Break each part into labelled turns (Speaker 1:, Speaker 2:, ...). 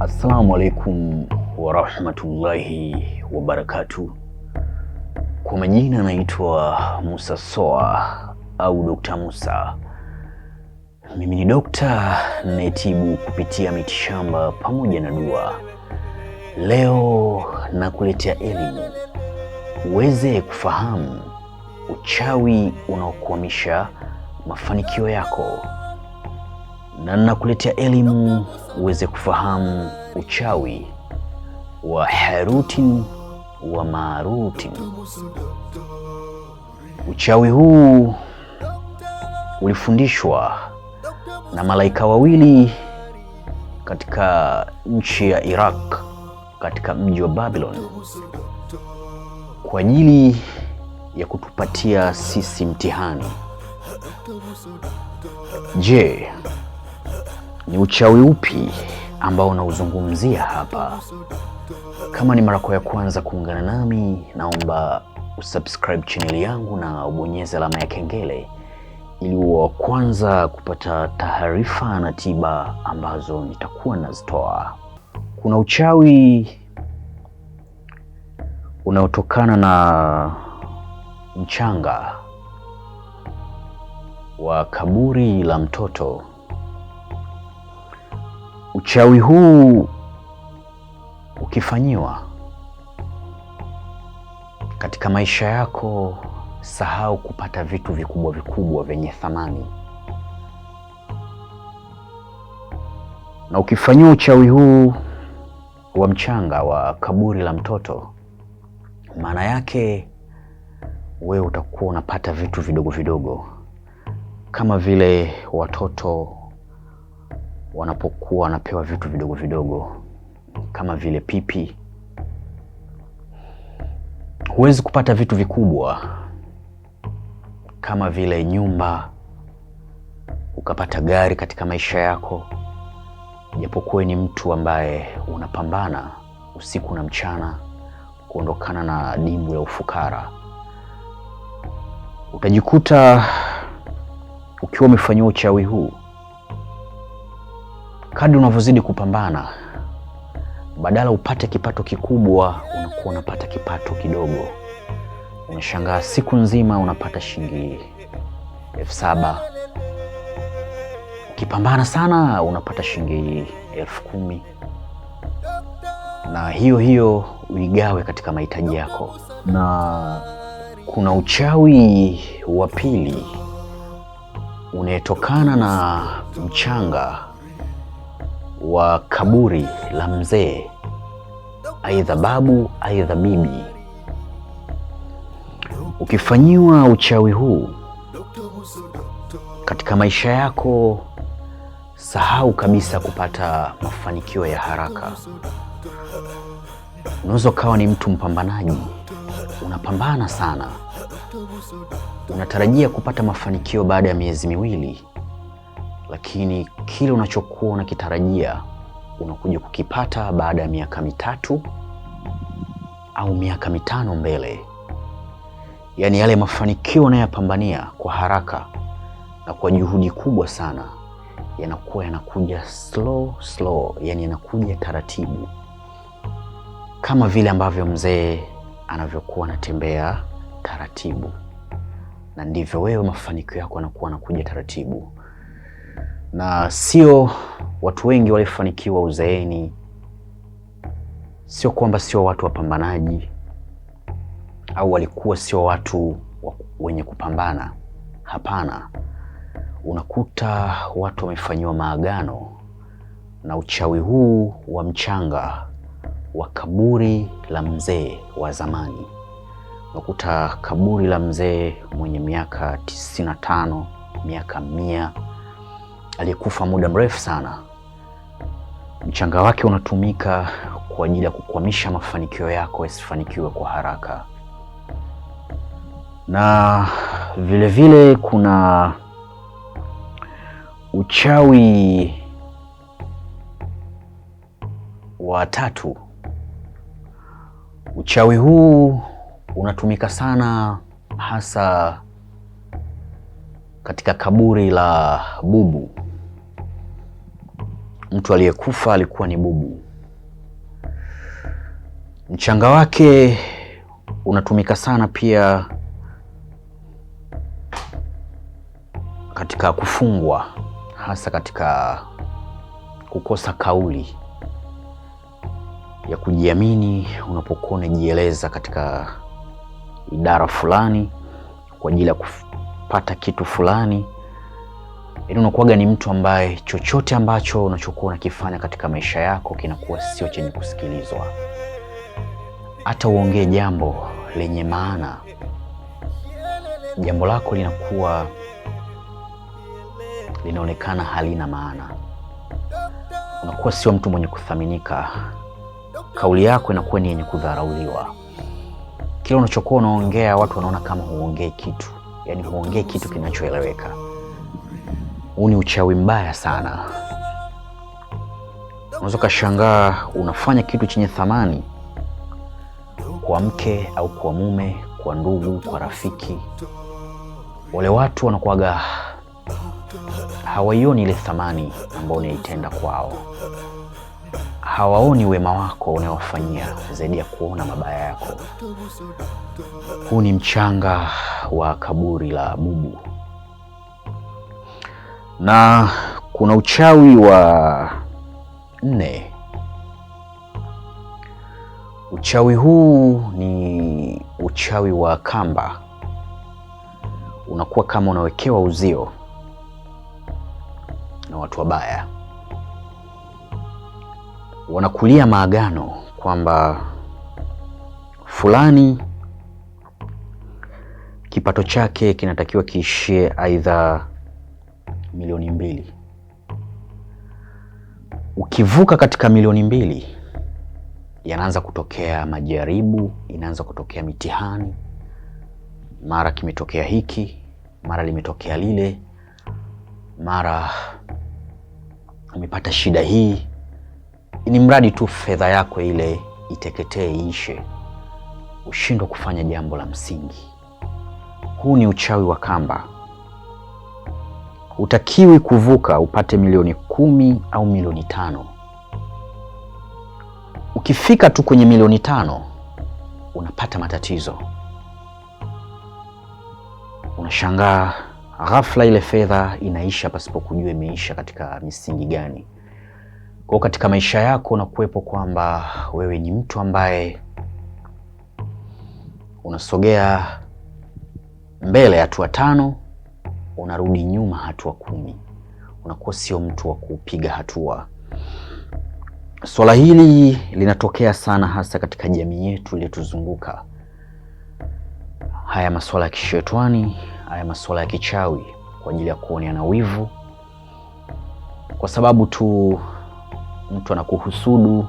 Speaker 1: Assalamu alaikum warahmatullahi wabarakatu. Kwa majina naitwa Musa Soa au Dokta Musa. Mimi ni dokta nayetibu kupitia mitishamba pamoja na dua. Leo nakuletea elimu uweze kufahamu uchawi unaokwamisha mafanikio yako na ninakuletea elimu uweze kufahamu uchawi wa Harutin wa Marutin. Uchawi huu ulifundishwa na malaika wawili katika nchi ya Iraq katika mji wa Babylon kwa ajili ya kutupatia sisi mtihani. Je, ni uchawi upi ambao unauzungumzia hapa? Kama ni mara ya kwanza kuungana nami, naomba usubscribe chaneli yangu na ubonyeze alama ya kengele ili wa kwanza kupata taarifa na tiba ambazo nitakuwa nazitoa. Kuna uchawi unaotokana na mchanga wa kaburi la mtoto. Uchawi huu ukifanyiwa katika maisha yako, sahau kupata vitu vikubwa vikubwa vyenye thamani. Na ukifanyiwa uchawi huu wa mchanga wa kaburi la mtoto, maana yake wewe utakuwa unapata vitu vidogo vidogo kama vile watoto wanapokuwa wanapewa vitu vidogo vidogo kama vile pipi. Huwezi kupata vitu vikubwa kama vile nyumba ukapata gari katika maisha yako, japokuwa ni mtu ambaye unapambana usiku na mchana kuondokana na dimbu la ufukara, utajikuta ukiwa umefanyiwa uchawi huu. Kadri unavyozidi kupambana, badala upate kipato kikubwa, unakuwa unapata kipato kidogo. Unashangaa siku nzima unapata shilingi elfu saba ukipambana sana unapata shilingi elfu kumi na hiyo hiyo uigawe katika mahitaji yako. Na kuna uchawi wa pili unaetokana na mchanga wa kaburi la mzee, aidha babu, aidha bibi. Ukifanyiwa uchawi huu katika maisha yako, sahau kabisa kupata mafanikio ya haraka. Unaweza ukawa ni mtu mpambanaji, unapambana sana, unatarajia kupata mafanikio baada ya miezi miwili lakini kile unachokuwa unakitarajia unakuja kukipata baada ya miaka mitatu au miaka mitano mbele. Yaani yale mafanikio unayoyapambania kwa haraka na kwa juhudi kubwa sana yanakuwa yanakuja slow slow, yani yanakuja taratibu, kama vile ambavyo mzee anavyokuwa anatembea taratibu, na ndivyo wewe mafanikio yako yanakuwa yanakuja taratibu na sio watu wengi walifanikiwa uzeeni. Sio kwamba sio watu wapambanaji au walikuwa sio watu wenye kupambana. Hapana, unakuta watu wamefanyiwa maagano na uchawi huu wa mchanga wa kaburi la mzee wa zamani. Unakuta kaburi la mzee mwenye miaka tisini na tano, miaka mia aliyekufa muda mrefu sana. Mchanga wake unatumika kwa ajili ya kukwamisha mafanikio yako yasifanikiwe kwa haraka, na vile vile kuna uchawi wa tatu. Uchawi huu unatumika sana hasa katika kaburi la bubu mtu aliyekufa alikuwa ni bubu. Mchanga wake unatumika sana pia katika kufungwa, hasa katika kukosa kauli ya kujiamini unapokuwa unajieleza katika idara fulani kwa ajili ya kupata kitu fulani yaani unakuwaga ni mtu ambaye chochote ambacho unachokuwa unakifanya katika maisha yako kinakuwa sio chenye kusikilizwa. Hata uongee jambo lenye maana, jambo lako linakuwa linaonekana halina maana. Unakuwa sio mtu mwenye kuthaminika, kauli yako inakuwa ni yenye kudharauliwa. Kila unachokuwa unaongea watu wanaona kama huongee kitu, yaani huongee kitu kinachoeleweka huu ni uchawi mbaya sana. Unaweza ukashangaa unafanya kitu chenye thamani kwa mke au kwa mume, kwa ndugu, kwa rafiki. Wale watu wanakuwaga hawaioni ile thamani ambayo unaitenda kwao, hawaoni wema wako unaowafanyia zaidi ya kuona mabaya yako. Huu ni mchanga wa kaburi la bubu na kuna uchawi wa nne. Uchawi huu ni uchawi wa kamba, unakuwa kama unawekewa uzio na watu wabaya, wanakulia maagano kwamba fulani kipato chake kinatakiwa kiishie aidha milioni mbili. Ukivuka katika milioni mbili, yanaanza kutokea majaribu, inaanza kutokea mitihani, mara kimetokea hiki, mara limetokea lile, mara umepata shida hii, ni mradi tu fedha yako ile iteketee, iishe, ushindwe kufanya jambo la msingi. Huu ni uchawi wa kamba utakiwi kuvuka upate milioni kumi au milioni tano. Ukifika tu kwenye milioni tano unapata matatizo, unashangaa ghafla ile fedha inaisha pasipo kujua imeisha katika misingi gani. Kwa katika maisha yako unakuwepo kwamba wewe ni mtu ambaye unasogea mbele hatua tano unarudi nyuma hatua kumi, unakuwa sio mtu wa kupiga hatua. Swala hili linatokea sana hasa katika jamii yetu iliyotuzunguka. Haya masuala ya kishetwani, haya masuala ya kichawi kwa ajili ya kuoneana wivu, kwa sababu tu mtu anakuhusudu,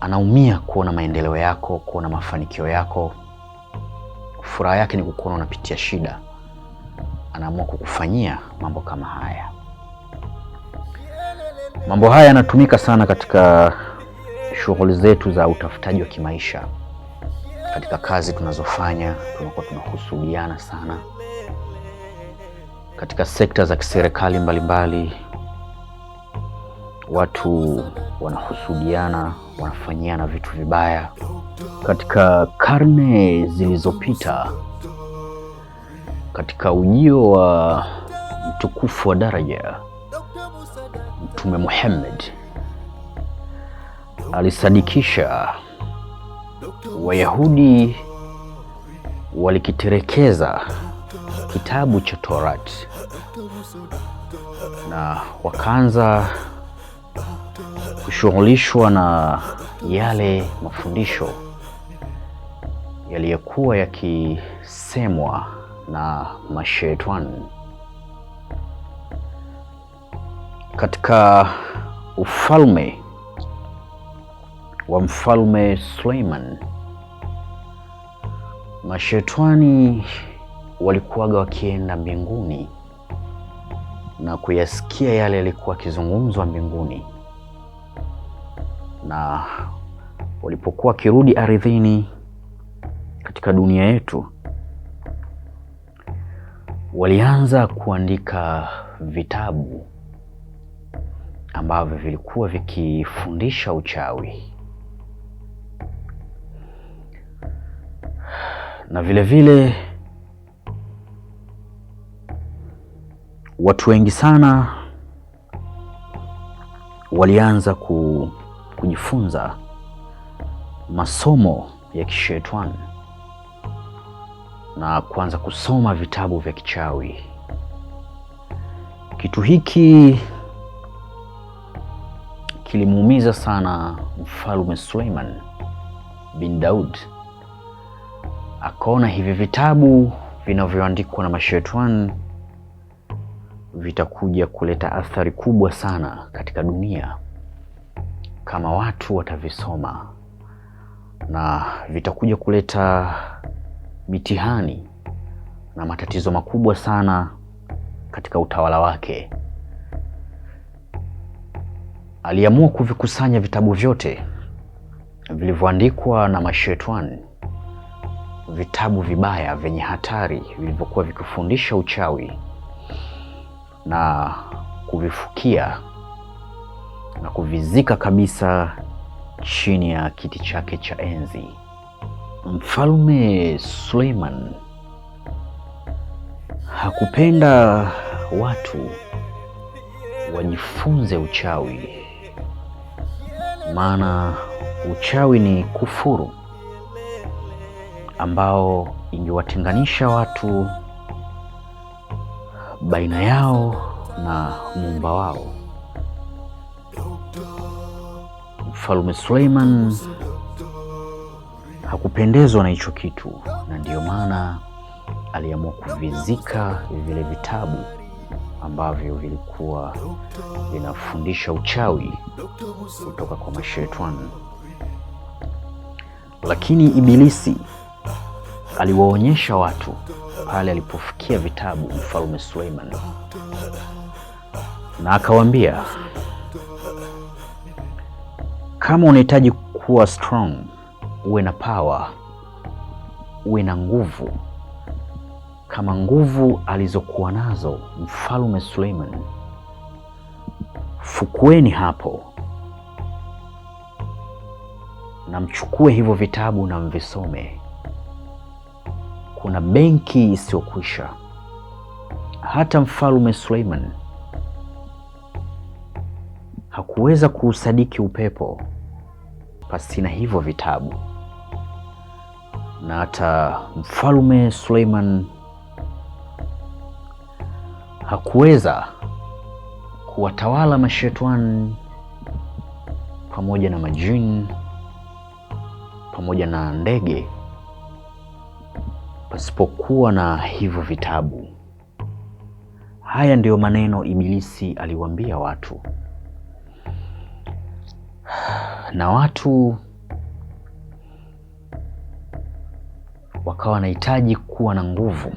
Speaker 1: anaumia kuona maendeleo yako, kuona mafanikio yako. Furaha yake ni kukuona unapitia shida anaamua kukufanyia mambo kama haya. Mambo haya yanatumika sana katika shughuli zetu za utafutaji wa kimaisha. Katika kazi tunazofanya tunakuwa tunahusudiana sana katika sekta za kiserikali mbalimbali, watu wanahusudiana, wanafanyiana vitu vibaya. Katika karne zilizopita katika ujio wa mtukufu wa daraja Mtume Muhammad alisadikisha Wayahudi walikiterekeza kitabu cha Torati na wakaanza kushughulishwa na yale mafundisho yaliyokuwa yakisemwa na mashetani. Katika ufalme wa mfalme Suleiman, mashetani walikuwaga wakienda mbinguni na kuyasikia yale yalikuwa akizungumzwa mbinguni, na walipokuwa wakirudi ardhini katika dunia yetu Walianza kuandika vitabu ambavyo vilikuwa vikifundisha uchawi na vile vile watu wengi sana walianza ku, kujifunza masomo ya kishetani na kuanza kusoma vitabu vya kichawi. Kitu hiki kilimuumiza sana Mfalme Suleiman bin Daud. Akaona hivi vitabu vinavyoandikwa na mashetani vitakuja kuleta athari kubwa sana katika dunia kama watu watavisoma, na vitakuja kuleta mitihani na matatizo makubwa sana katika utawala wake. Aliamua kuvikusanya vitabu vyote vilivyoandikwa na mashetwani, vitabu vibaya vyenye hatari vilivyokuwa vikifundisha uchawi na kuvifukia na kuvizika kabisa chini ya kiti chake cha enzi. Mfalme Suleiman hakupenda watu wajifunze uchawi, maana uchawi ni kufuru ambao ingewatenganisha watu baina yao na muumba wao. Mfalme Suleiman hakupendezwa na hicho kitu, na ndiyo maana aliamua kuvizika vile vitabu ambavyo vilikuwa vinafundisha uchawi kutoka kwa mashetani. Lakini Ibilisi aliwaonyesha watu pale alipofikia vitabu Mfalme Suleiman, na akawaambia, kama unahitaji kuwa strong uwe na power, uwe na nguvu kama nguvu alizokuwa nazo mfalme Suleiman. Fukueni hapo na mchukue hivyo vitabu na mvisome. Kuna benki isiyokwisha. Hata mfalme Suleiman hakuweza kuusadiki upepo pasina hivyo vitabu na hata mfalme Suleiman hakuweza kuwatawala mashetani pamoja na majini pamoja na ndege pasipokuwa na hivyo vitabu. Haya ndiyo maneno Ibilisi aliwaambia watu na watu wakawa wanahitaji kuwa na nguvu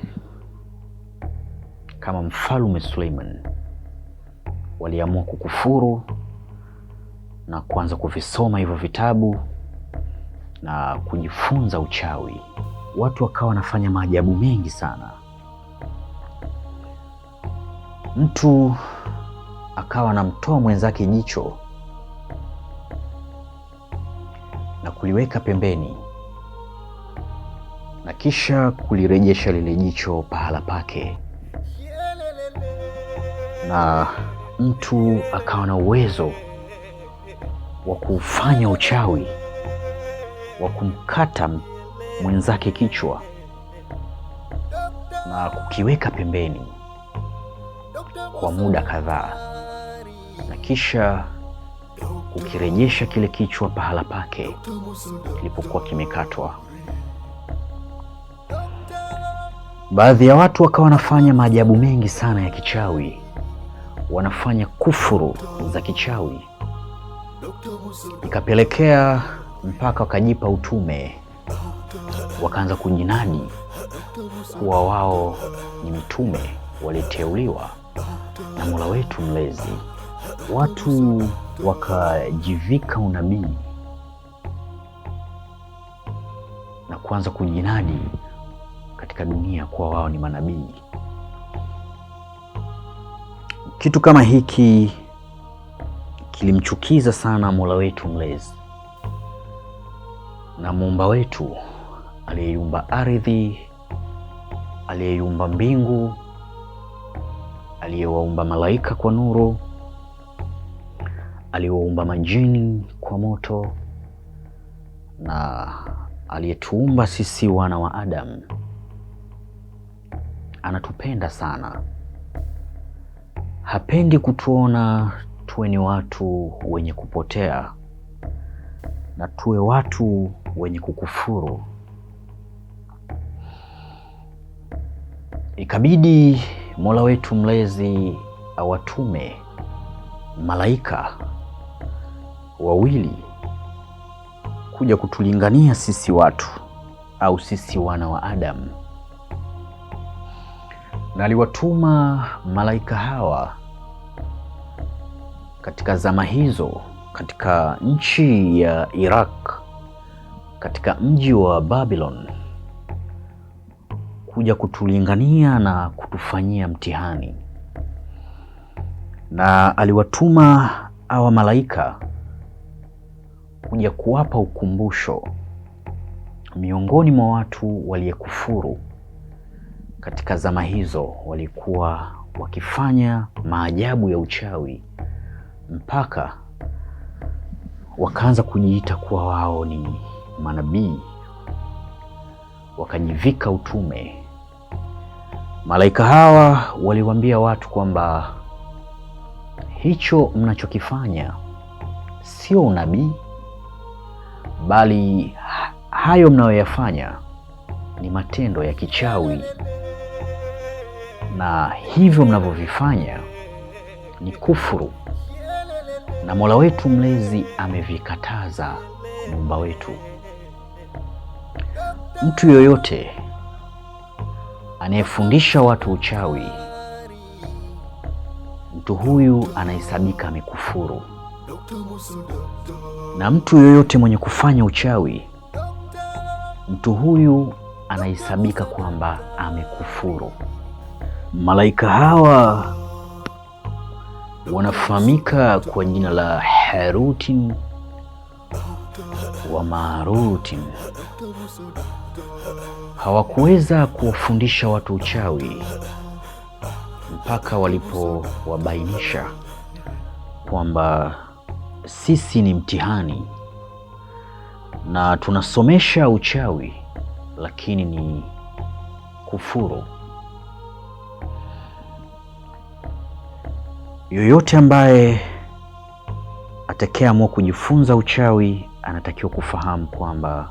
Speaker 1: kama mfalme Suleiman, waliamua kukufuru na kuanza kuvisoma hivyo vitabu na kujifunza uchawi. Watu wakawa wanafanya maajabu mengi sana. Mtu akawa anamtoa mwenzake jicho na kuliweka pembeni na kisha kulirejesha lile jicho pahala pake, na mtu akawa na uwezo wa kufanya uchawi wa kumkata mwenzake kichwa na kukiweka pembeni kwa muda kadhaa, na kisha kukirejesha kile kichwa pahala pake kilipokuwa kimekatwa. Baadhi ya watu wakawa wanafanya maajabu mengi sana ya kichawi, wanafanya kufuru za kichawi, ikapelekea mpaka wakajipa utume, wakaanza kujinadi kuwa wao ni mitume waliteuliwa na Mola wetu Mlezi. Watu wakajivika unabii na kuanza kujinadi katika dunia kuwa wao ni manabii. Kitu kama hiki kilimchukiza sana Mola wetu mlezi na muumba wetu aliyeyumba ardhi, aliyeyumba mbingu, aliyewaumba malaika kwa nuru, aliyewaumba majini kwa moto na aliyetuumba sisi wana wa Adamu anatupenda sana, hapendi kutuona tuwe ni watu wenye kupotea na tuwe watu wenye kukufuru. Ikabidi Mola wetu mlezi awatume malaika wawili kuja kutulingania sisi watu au sisi wana wa Adamu na aliwatuma malaika hawa katika zama hizo katika nchi ya Iraq katika mji wa Babylon kuja kutulingania na kutufanyia mtihani, na aliwatuma hawa malaika kuja kuwapa ukumbusho miongoni mwa watu waliyekufuru katika zama hizo walikuwa wakifanya maajabu ya uchawi mpaka wakaanza kujiita kuwa wao ni manabii, wakajivika utume. Malaika hawa waliwaambia watu kwamba hicho mnachokifanya sio unabii, bali hayo mnayoyafanya ni matendo ya kichawi na hivyo mnavyovifanya ni kufuru, na Mola wetu mlezi amevikataza, muumba wetu. Mtu yoyote anayefundisha watu uchawi, mtu huyu anahesabika amekufuru, na mtu yoyote mwenye kufanya uchawi, mtu huyu anahesabika kwamba amekufuru. Malaika hawa wanafahamika kwa jina la Harutin wa Marutin. Hawakuweza kuwafundisha watu uchawi mpaka walipowabainisha kwamba sisi ni mtihani na tunasomesha uchawi, lakini ni kufuru. Yoyote ambaye atakayeamua kujifunza uchawi anatakiwa kufahamu kwamba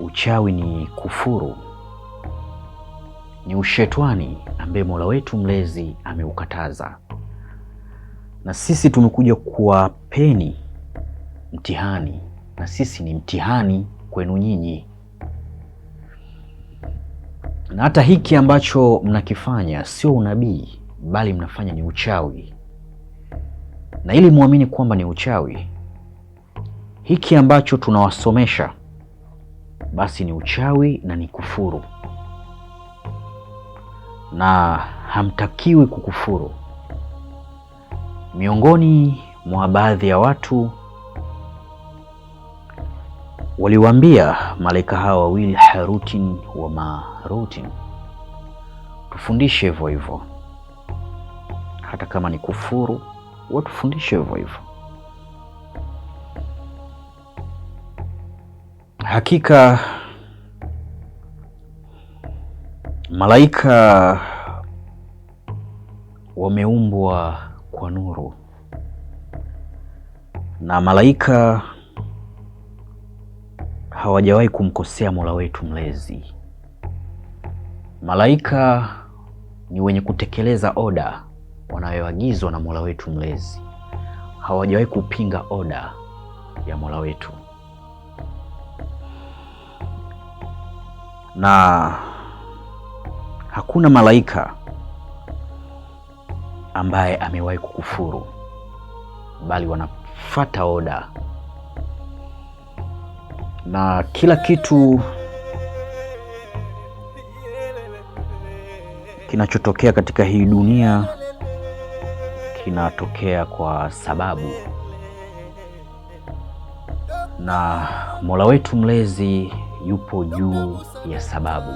Speaker 1: uchawi ni kufuru, ni ushetwani ambaye Mola wetu mlezi ameukataza, na sisi tumekuja kuwapeni mtihani, na sisi ni mtihani kwenu nyinyi, na hata hiki ambacho mnakifanya sio unabii bali mnafanya ni uchawi, na ili muamini kwamba ni uchawi, hiki ambacho tunawasomesha basi ni uchawi na ni kufuru, na hamtakiwi kukufuru. Miongoni mwa baadhi ya watu waliwaambia malaika hawa wawili Harutin wa Marutin, tufundishe hivyo hivyo hata kama ni kufuru, watufundishe hivyo hivyo. Hakika malaika wameumbwa kwa nuru, na malaika hawajawahi kumkosea Mola wetu Mlezi. Malaika ni wenye kutekeleza oda wanayoagizwa na Mola wetu mlezi. Hawajawahi kupinga oda ya Mola wetu, na hakuna malaika ambaye amewahi kukufuru, bali wanafuata oda na kila kitu kinachotokea katika hii dunia kinatokea kwa sababu, na Mola wetu mlezi yupo juu ya sababu,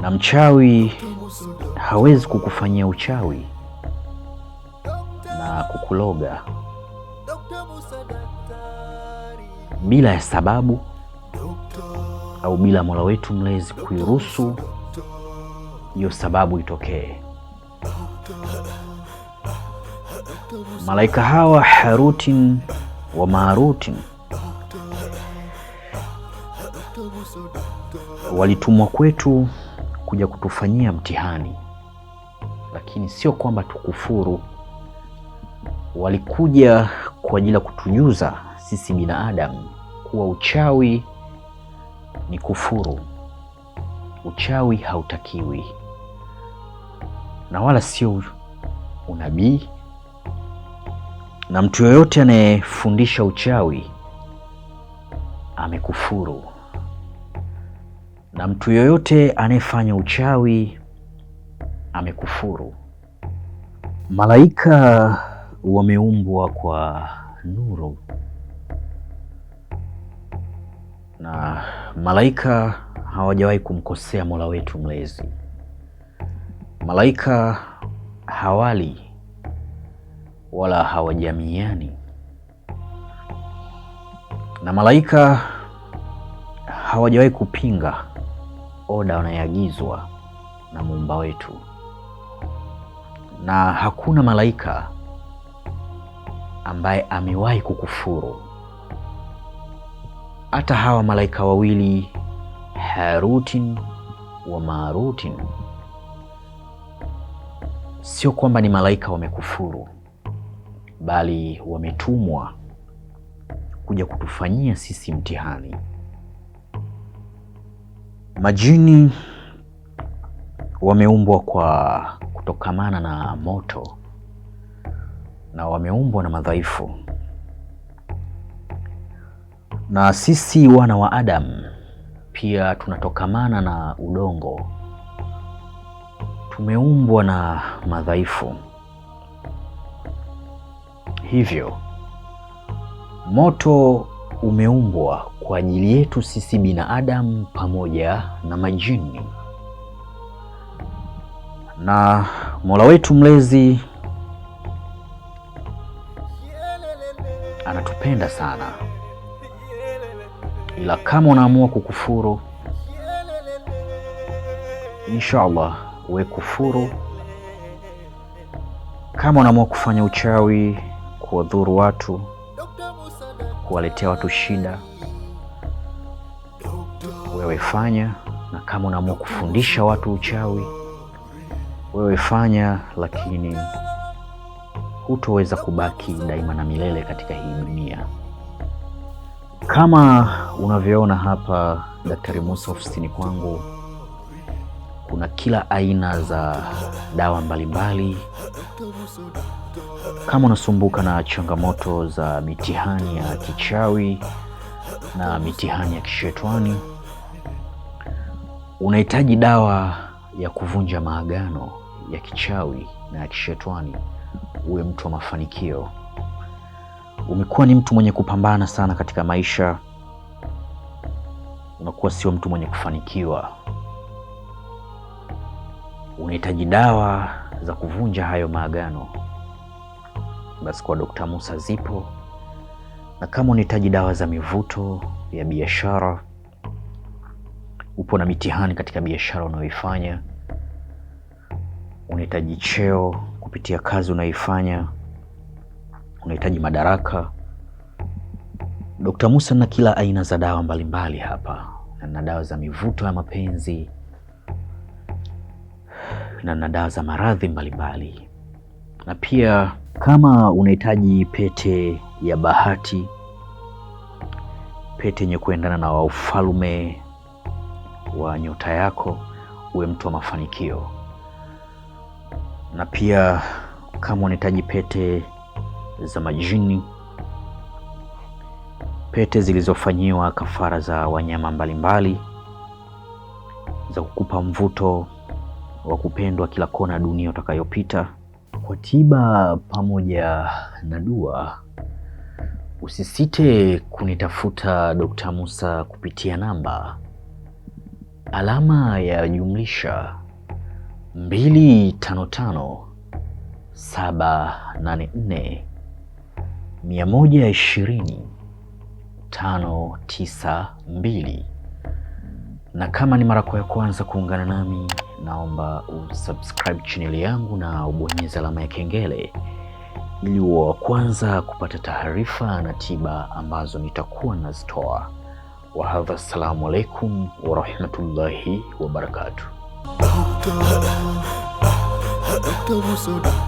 Speaker 1: na mchawi hawezi kukufanyia uchawi na kukuloga bila ya sababu au bila Mola wetu mlezi kuiruhusu hiyo sababu itokee. Malaika hawa Harutin wa Marutin walitumwa kwetu kuja kutufanyia mtihani, lakini sio kwamba tukufuru. Walikuja kwa ajili ya kutujuza sisi binadamu kuwa uchawi ni kufuru, uchawi hautakiwi na wala sio unabii, na mtu yoyote anayefundisha uchawi amekufuru, na mtu yoyote anayefanya uchawi amekufuru. Malaika wameumbwa kwa nuru na malaika hawajawahi kumkosea Mola wetu mlezi. Malaika hawali wala hawajamiani, na malaika hawajawahi kupinga oda wanayoagizwa na muumba wetu, na hakuna malaika ambaye amewahi kukufuru. Hata hawa malaika wawili Harutin wa Marutin sio kwamba ni malaika wamekufuru, bali wametumwa kuja kutufanyia sisi mtihani. Majini wameumbwa kwa kutokamana na moto na wameumbwa na madhaifu, na sisi wana wa Adamu pia tunatokamana na udongo Tumeumbwa na madhaifu, hivyo moto umeumbwa kwa ajili yetu sisi binadamu pamoja na majini, na Mola wetu mlezi anatupenda sana, ila kama unaamua kukufuru, inshallah wekufuru. Kama unaamua kufanya uchawi, kuwadhuru watu, kuwaletea watu shida, wewe fanya. Na kama unaamua kufundisha watu uchawi, wewe fanya, lakini hutoweza kubaki daima na milele katika hii dunia. Kama unavyoona hapa, Daktari Musa ofisini kwangu kuna kila aina za dawa mbalimbali. Kama unasumbuka na changamoto za mitihani ya kichawi na mitihani ya kishetwani, unahitaji dawa ya kuvunja maagano ya kichawi na ya kishetwani, uwe mtu wa mafanikio. Umekuwa ni mtu mwenye kupambana sana katika maisha, unakuwa sio mtu mwenye kufanikiwa unahitaji dawa za kuvunja hayo maagano, basi kwa Dokta Musa zipo, na kama unahitaji dawa za mivuto ya biashara, upo na mitihani katika biashara unayoifanya, unahitaji cheo kupitia kazi unayoifanya, unahitaji madaraka, Dokta Musa na kila aina za dawa mbalimbali mbali hapa na dawa za mivuto ya mapenzi na na dawa za maradhi mbalimbali, na pia kama unahitaji pete ya bahati, pete yenye kuendana na ufalme wa nyota yako, uwe mtu wa mafanikio. Na pia kama unahitaji pete za majini, pete zilizofanyiwa kafara za wanyama mbalimbali za kukupa mvuto wa kupendwa kila kona dunia utakayopita. Kwa tiba pamoja na dua, usisite kunitafuta Dr. Musa kupitia namba alama ya jumlisha 255 784 na kama ni mara yako ya kwanza kuungana nami, naomba usubscribe chaneli yangu na ubonyeze alama ya kengele ili uwe wa kwanza kupata taarifa na tiba ambazo nitakuwa nazitoa. Wahadha, assalamu alaikum warahmatullahi wabarakatuh.